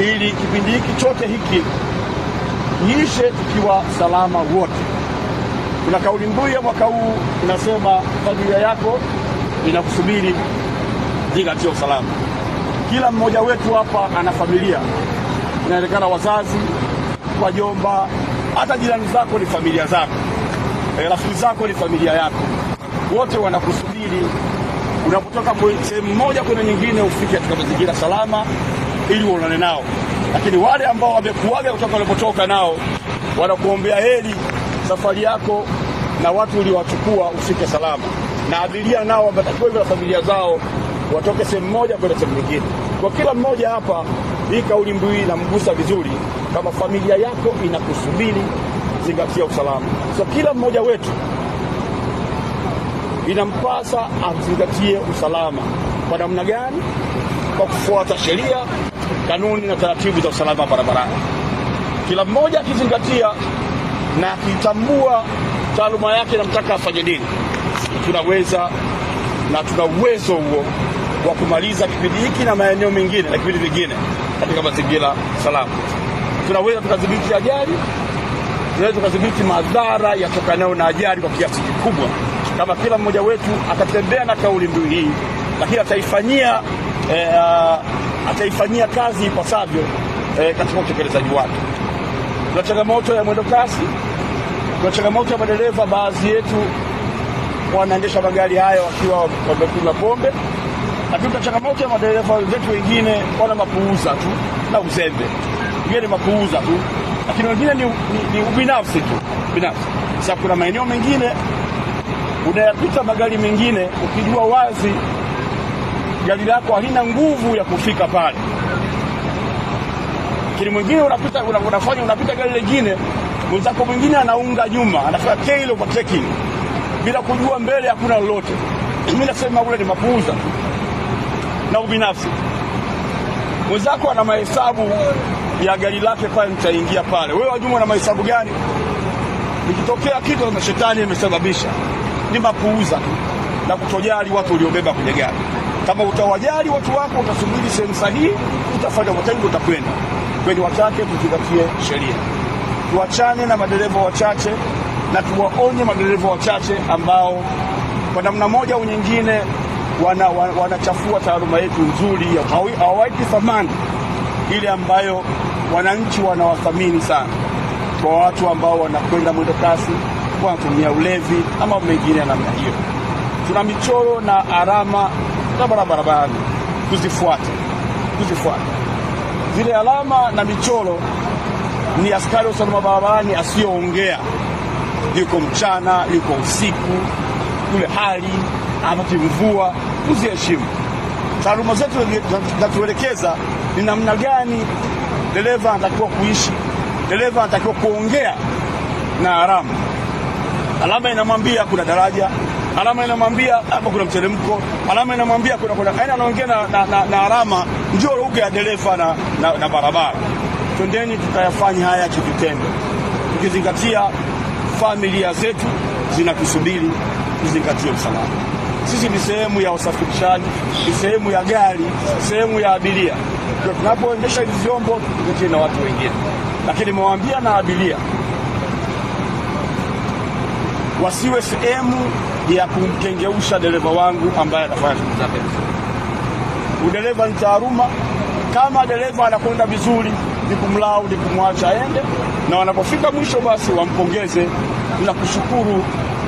ili kipindi hiki chote hiki kiishe tukiwa salama wote. Kuna kauli mbiu ya mwaka huu inasema, familia yako inakusubiri, zingatia usalama. Kila mmoja wetu hapa ana familia, inaelekana wazazi, wajomba, hata jirani zako ni familia zako, eh, rafiki zako ni familia yako, wote wanakusubiri unapotoka sehemu moja kwenda nyingine, ufike katika mazingira salama ili uonane nao, lakini wale ambao wamekuaga kutoka walipotoka nao wanakuombea heri safari yako na watu uliowachukua ufike salama, na abiria nao wametakiwa hivyo na familia zao watoke sehemu moja kwenda sehemu nyingine. Kwa kila mmoja hapa, hii kauli mbiu inamgusa vizuri, kama familia yako inakusubiri, zingatia usalama. So kila mmoja wetu inampasa azingatie usalama. Kwa namna gani? Kwa kufuata sheria kanuni na taratibu za usalama barabarani. Kila mmoja akizingatia na akitambua taaluma yake mtaka afanye nini, tunaweza na tuna uwezo huo wa kumaliza kipindi hiki na maeneo mengine na kipindi vingine katika mazingira salama. Tunaweza tukadhibiti ajali, tunaweza tukadhibiti madhara yatokanayo na ajali kwa kiasi kikubwa, kama kila mmoja wetu atatembea na kauli mbiu hii, lakini ataifanyia eh, ataifanyia kazi ipasavyo eh, katika utekelezaji wake. Kuna changamoto ya mwendo kasi, kuna changamoto ya madereva. Baadhi yetu wanaendesha magari hayo wakiwa wamekunywa pombe, lakini kuna changamoto ya madereva wenzetu wengine wana mapuuza tu na uzembe, wengine ni mapuuza tu, lakini wengine ni, ni, ni ubinafsi tu binafsi. Sasa kuna maeneo mengine unayapita magari mengine ukijua wazi gari lako halina nguvu ya kufika pale. Kile mwingine unapita unafanya unapita gari lingine, mwenzako mwingine anaunga nyuma, anafika kile overtaking bila kujua mbele hakuna lolote. Mimi nasema ule ni mapuuza na ubinafsi. Mwenzako ana mahesabu ya gari lake pale, mtaingia pale. Wewe wajuma na mahesabu gani? nikitokea kitu na shetani imesababisha, ni mapuuza na kutojali watu uliobeba kwenye gari. Kama utawajali watu wako, utasubiri sehemu sahihi, utafanya utengo, utakwenda kwenye. Wachache tuzingatie sheria, tuachane na madereva wachache na tuwaonye madereva wachache ambao kwa namna moja au nyingine wanachafua wana taaluma yetu nzuri, hawaipi thamani ile ambayo wananchi wanawathamini sana, kwa watu ambao wanakwenda mwendo kasi, wanatumia ulevi ama mengine ya namna hiyo. Tuna michoro na alama barabara barabarani kuzifuata, kuzifuata zile alama na michoro. Ni askari wa usalama barabarani asiyoongea, yuko mchana, yuko usiku, kule hali mvua kuziheshimu. Taaluma zetu zinatuelekeza ni namna gani dereva anatakiwa kuishi, dereva anatakiwa kuongea na alama. Alama inamwambia kuna daraja alama inamwambia hapa kuna mteremko, alama inamwambia kuna kuna, yaani anaongea na, na, na, na alama, njoo lugha ya dereva na, na, na barabara. Twendeni tutayafanya haya kivitendo, tukizingatia familia zetu zinatusubiri, tuzingatie usalama. Sisi ni sehemu ya usafirishaji, ni sehemu ya gari, sehemu ya abiria. Tunapoendesha hivi vyombo tuzingatie na watu wengine, lakini mewaambia na abiria wasiwe sehemu ya kumkengeusha dereva wangu ambaye anafanya shughuli zake vizuri. Udereva ni taaruma. Kama dereva anakwenda vizuri, ni kumlau ni kumwacha aende, na wanapofika mwisho, basi wampongeze na kushukuru,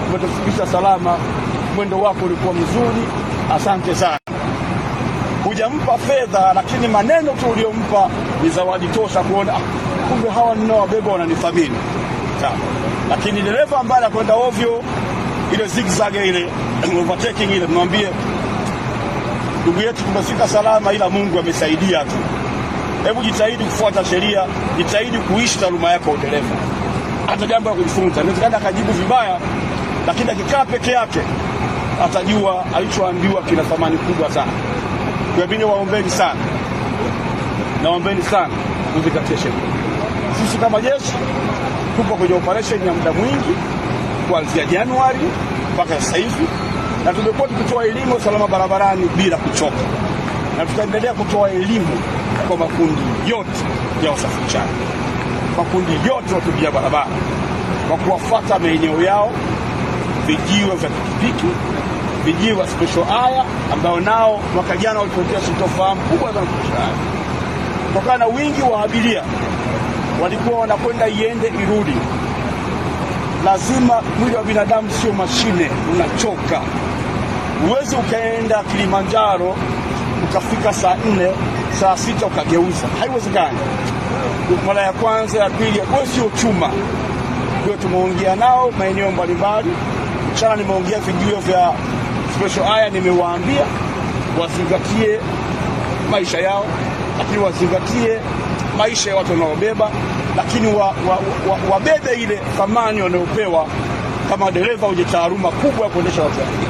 umetufikisha salama, mwendo wako ulikuwa mzuri, asante sana. Hujampa fedha, lakini maneno tu uliyompa ni zawadi tosha kuona kumbe hawa ninaowabeba wananithamini tano, lakini dereva ambaye anakwenda ovyo ile zigzag ile overtaking ile, mwambie ndugu yetu, tumefika salama, ila Mungu amesaidia tu. Hebu jitahidi kufuata sheria, jitahidi kuishi taaluma yako udereva, hata jambo la kujifunza. Inawezekana akajibu vibaya, lakini akikaa peke yake atajua alichoambiwa kina thamani kubwa sana. Kwa hivyo waombeni sana, naombeni sana kuzikatia sheria. Sisi kama jeshi tupo kwenye operation ya muda mwingi kuanzia Januari mpaka sasa hivi, na tumekuwa tukitoa elimu usalama barabarani bila kuchoka, na tutaendelea kutoa elimu kwa makundi yote ya wasafirishaji, makundi yote watumia barabara kwa kuwafuata maeneo yao, vijiwe vya pikipiki, vijiwe vya special haya, ambao nao mwaka jana walipokea sintofahamu kubwa za kuhusu haya kutokana na wingi wa abiria walikuwa wanakwenda iende irudi. Lazima mwili wa binadamu sio mashine, unachoka. Huwezi ukaenda Kilimanjaro ukafika saa nne saa sita ukageuza, haiwezekani. Mara ya kwanza ya pili, wewe sio chuma. Kwa tumeongea nao maeneo mbalimbali, mchana nimeongea vijio vya special haya, nimewaambia wazingatie maisha yao, lakini wazingatie maisha ya watu wanaobeba, lakini wabebe wa, wa, wa ile thamani wanayopewa kama dereva wenye taaluma kubwa ya kuendesha watu wengi.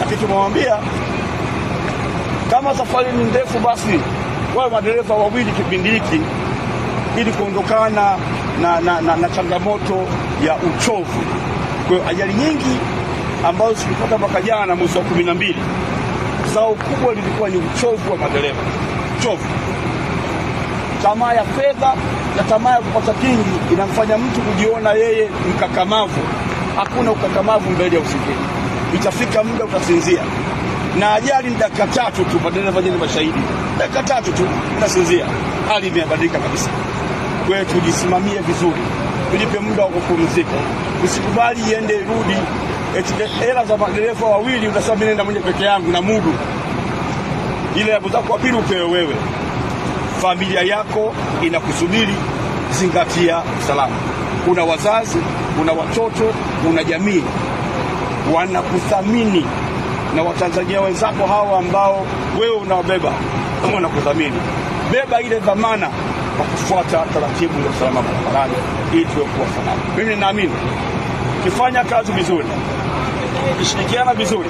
Lakini tumemwambia kama safari ni ndefu, basi wawe madereva wawili kipindi hiki ili kuondokana na, na, na, na changamoto ya uchovu. Kwa hiyo ajali nyingi ambazo zilipata mwaka jana mwezi wa kumi na mbili, sababu kubwa lilikuwa ni uchovu wa madereva, uchovu tamaa ya fedha na tamaa ya kupata kingi inamfanya mtu kujiona yeye mkakamavu. Hakuna ukakamavu mbele ya usingizi. Itafika muda utasinzia, na ajali ni dakika tatu tu, badala ni mashahidi, dakika tatu tu unasinzia. Hali imebadilika kabisa. Kwa hiyo tujisimamie vizuri, tulipe muda wa kupumzika, usikubali iende irudi hela za madereva wawili, utasema mimi naenda mwenye peke yangu na mudu ile ya zako pili upewe wewe familia yako inakusubiri. Zingatia usalama. Una wazazi, una watoto, una jamii wanakuthamini, na watanzania wenzako hawa ambao wewe unawabeba wanakuthamini. Beba ile dhamana kwa kufuata taratibu za usalama barabarani ili tuwe kuwa salama. Mimi ninaamini ukifanya kazi vizuri, ukishirikiana vizuri,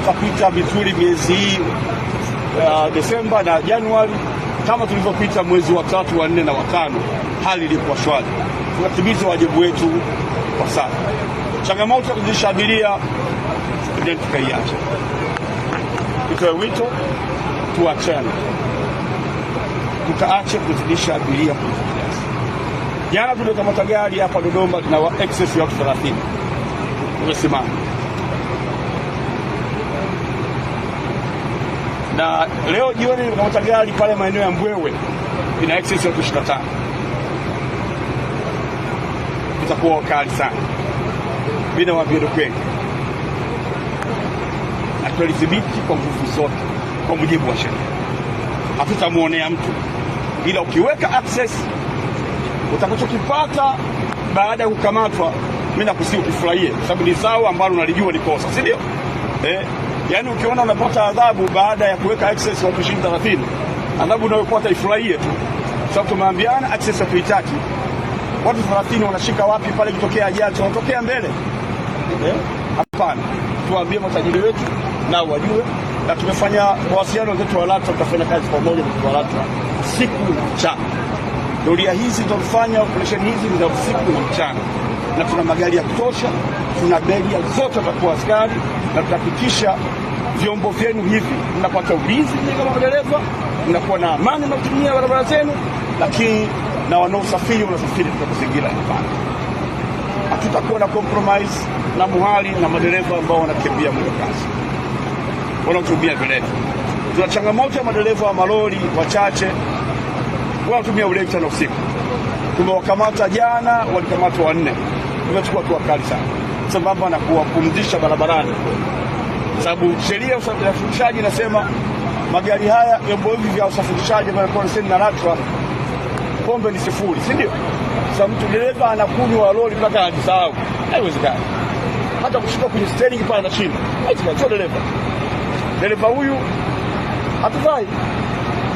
tutapita vizuri miezi hii uh, Desemba na Januari kama tulivyopita mwezi wa tatu, wa nne na watano, hali ilikuwa shwari. Tunatimiza wajibu wetu kwa sasa. Changamoto ya kuzidisha abiria ene tukaiacha, tutoe wito, tuachane, tukaache kuzidisha abiria kupita kiasi. Jana tumekamata gari hapa Dodoma lina excess ya watu 30 tumesimama na leo jioni nimekamata gari pale maeneo ya Mbwewe ina exit ya 25 itakuwa kali sana, mi nawaambia ni kweli, na tulidhibiti kwa nguvu zote kwa mujibu wa sheria, hatutamwonea mtu, ila ukiweka access utakachokipata baada ya kukamatwa, mi nakusii ukifurahie, kwa sababu ni zao ambalo unalijua ni kosa, si ndio? eh Yaani ukiona unapata adhabu baada ya kuweka access watu 20 adhabu unayopata ifurahie tu, sababu tumeambiana access kuitaki Watu 30 wanashika wapi pale? Kitokea ajali wanatokea mbele? Eh? Hapana, Tuwaambie matajiri wetu na wajue, na tumefanya mawasiliano wenzetu wa LATRA, tutafanya kazi pamoja na LATRA siku na mchana. Doria hizi tunafanya operation hizi ni za usiku na mchana, na tuna magari ya kutosha, tuna beria zote watakuwa askari na tutahakikisha vyombo vyenu hivi, mnapata ulinzi kama madereva, mnakuwa na amani mnatumia barabara zenu, lakini na wanaosafiri wanasafiri katika mazingira yanayofaa. Hatutakuwa na compromise na muhali na madereva ambao wanakimbia mwendo kasi, wanaotumia vilevi. Tuna changamoto ya madereva wa malori wachache wanaotumia ulevi sana usiku. Tumewakamata jana, walikamatwa wanne. Tumechukua hatua kali sana, sababu na kuwapumzisha barabarani sababu sheria ya usafirishaji inasema magari haya, vyombo hivi vya usafirishaji leseni na LATRA, pombe ni sifuri, si ndio? Sasa mtu dereva anakunywa lori mpaka anajisahau, haiwezekani. Hata kushika kwenye steering pale anashinda, sio dereva. Dereva huyu hatufai.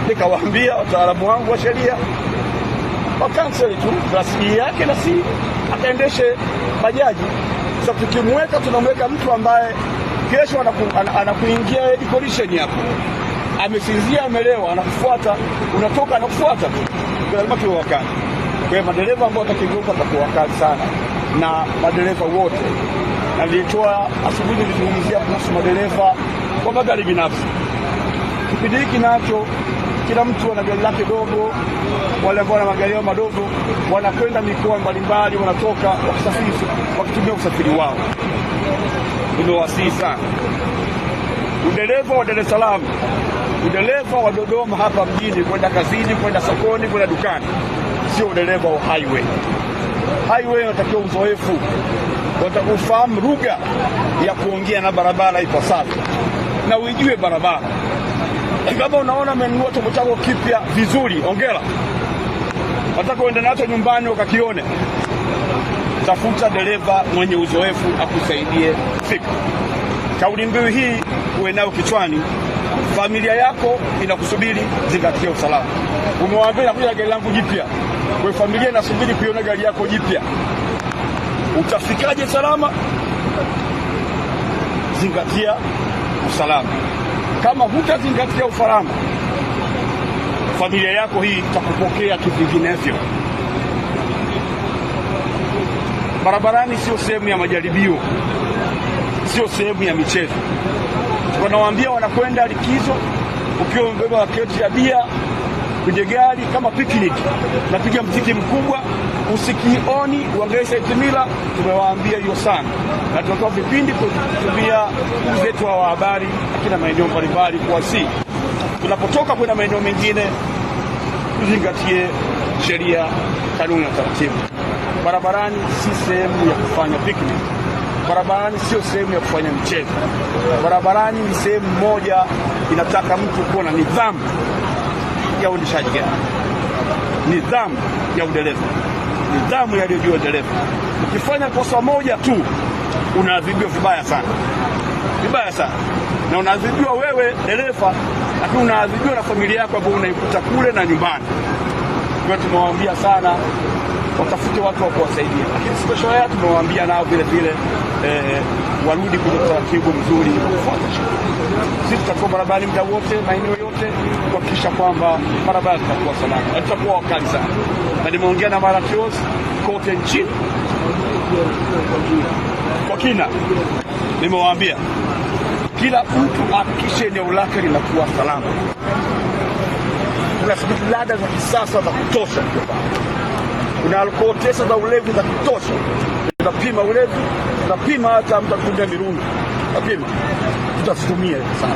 Nikawaambia wataalamu wangu wa sheria wakanseli tu rasmi yake na si akaendeshe bajaji. Sasa tukimweka tunamweka mtu ambaye kesho anakuingia an, an, collision hapo, amesinzia, amelewa, anakufuata, unatoka anakufuata tu, lazima tuwe wakali. Kwa hiyo madereva ambao watakigeuka atakuwa wakali sana, na madereva wote, na nilitoa asubuhi, nilizungumzia kuhusu madereva kwa magari binafsi. Kipindi hiki nacho kila mtu ana gari lake dogo, wale ambao wana magari yao madogo wanakwenda mikoa mbalimbali, wanatoka wakisafiri, wakitumia usafiri wao imewasihi sana. Udereva wa Dar es Salaam, udereva wa Dodoma hapa mjini kwenda kazini, kwenda sokoni, kwenda dukani, sio udereva wa highway. Highway unatakiwa uzoefu, unatakiwa ufahamu lugha ya kuongea na barabara ipasavyo, na uijue barabara. Kama unaona umenunua chombo chako kipya vizuri, ongera, nataka uende nacho nyumbani ukakione tafuta dereva mwenye uzoefu akusaidie kufika Kauli mbiu hii uwe nayo kichwani, familia yako inakusubiri, zingatia usalama. Umewaambia nakuja gari langu jipya, kwa familia inasubiri kuiona gari yako jipya. Utafikaje salama? Zingatia usalama. Kama hutazingatia usalama, familia yako hii itakupokea kivinginevyo. Barabarani sio sehemu ya majaribio, sio sehemu ya michezo. Wanawaambia wanakwenda likizo, ukiwa umebeba kreti ya bia kwenye gari kama picnic, napiga mziki mkubwa usikioni Itimila. Tumewaambia hiyo sana, na tunatoa vipindi kutumia uzetu wa habari katika maeneo mbalimbali, kuwasi tunapotoka kwenda maeneo mengine tuzingatie sheria, kanuni na taratibu. Barabarani si sehemu ya kufanya picnic. Barabarani sio sehemu ya kufanya mchezo Barabarani ni sehemu moja inataka mtu kuwa na nidhamu ya uendeshaji gari, nidhamu ya udereva, nidhamu ya yaliyojua dereva. Ukifanya kosa moja tu unaadhibiwa vibaya sana, vibaya sana, na unaadhibiwa wewe dereva, lakini unaadhibiwa na familia yako ambayo unaikuta kule na nyumbani. Kwa hiyo tumewaambia sana watafute watu wa kuwasaidia, lakini sitosholea, tumewaambia nao vile vile eh, warudi kwenye utaratibu mzuri wa kufuata sheria. Sisi tutakuwa barabarani muda wote, maeneo yote, kuhakikisha kwamba barabara zitakuwa salama, na tutakuwa wakali sana, na nimeongea na marakios kote nchini kwa kina, nimewaambia kila mtu ahakikishe eneo lake linakuwa salama. Kuna lada za kisasa za kutosha na alkoholi tesa za ulevi za kutosha. tunapima ulevi, tunapima hata mtu akitumia mirundu, tutapima, tutasitumie sana.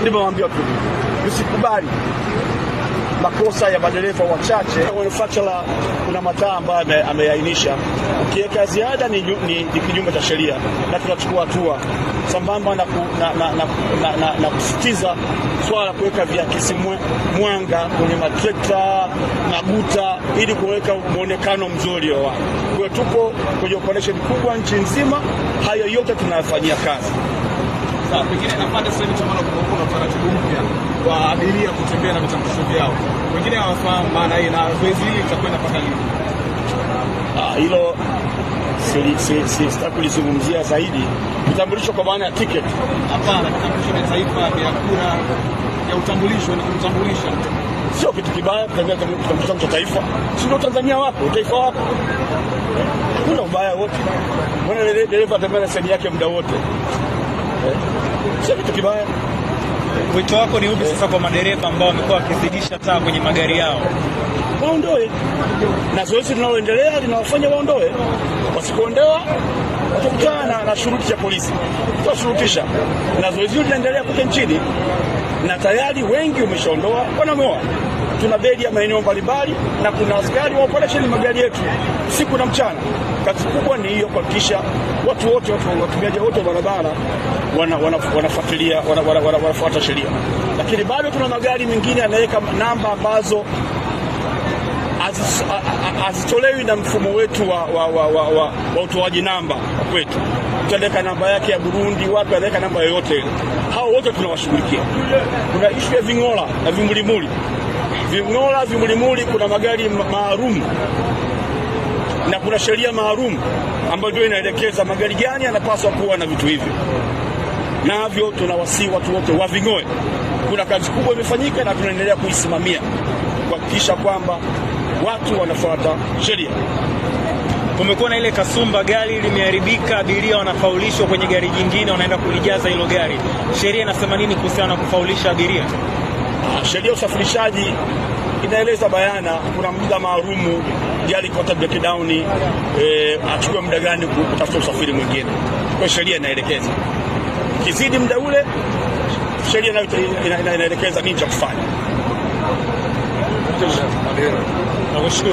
Ndivyo nawaambia tu, usikubali makosa ya madereva wachache. Manufacturer kuna mataa ambayo ameainisha, ukiweka ziada ni, ni, ni kinyume cha sheria, na tunachukua hatua sambamba na, na, na, na, na, na, na kusitiza swala la kuweka viakisi mwanga kwenye matrekta maguta, ili kuweka mwonekano mzuri wa kwa. Tuko kwenye operation kubwa nchi nzima, hayo yote tunayafanyia kazi sasa pengine napata sasa hivi mpya wa abiria kutembea na vitambulisho vyao, wengine hawafahamu maana hii, na zoezi hili litakwenda mpaka lini? Ah, hilo sitaki kulizungumzia zaidi. Vitambulisho kwa maana ya tiketi? Hapana, vitambulisho vya taifa, vya kura, ya utambulisho, ni kumtambulisha Sio kitu kibaya kutembea kitambulisho cha taifa, si ndio? Tanzania wako taifa wako, kuna ubaya wote. Mbona dereva atembea na seni yake muda wote? sio kitu kibaya. Wito wako ni upi sasa kwa madereva ambao wamekuwa wakizidisha taa kwenye magari yao? Waondoe, na zoezi linaloendelea linawafanya waondoe. Wasipoondoa watakutana na shuruti ya polisi, tutashurutisha. Na zoezi hili linaendelea kote nchini, na tayari wengi umeshaondoa, wanamoa tuna bedi ya maeneo mbalimbali na kuna askari wa operesheni magari yetu usiku na mchana. Kazi kubwa ni hiyo, kuhakikisha watu wote, watumiaji wote wa barabara wanafuatilia wanafuata sheria, lakini bado tuna magari mengine yanaweka namba ambazo hazitolewi na mfumo wetu wa, wa, wa, wa, wa, wa utoaji namba kwetu. Tutaweka namba yake ya Burundi, watu wanaweka namba yoyote ile. Hao wote tunawashughulikia. Kuna ishu ya ving'ola na vimulimuli ving'ola, vimulimuli, kuna magari maalum na kuna sheria maalum ambayo ndio inaelekeza magari gani yanapaswa kuwa na vitu hivyo, navyo tunawasii watu wote waving'oe. Kuna kazi kubwa imefanyika na tunaendelea kuisimamia kuhakikisha kwamba watu wanafuata sheria. Kumekuwa na ile kasumba, gari limeharibika, abiria wanafaulishwa kwenye gari jingine, wanaenda kulijaza hilo gari. Sheria inasema nini kuhusiana na kufaulisha abiria? Sheria ya usafirishaji inaeleza bayana, kuna muda maalumu gari ikipata breakdown eh, achukue muda gani kutafuta usafiri mwingine. Kwa sheria inaelekeza kizidi muda ule, sheria nayo inaelekeza nini cha kufanya. Nakushukuru.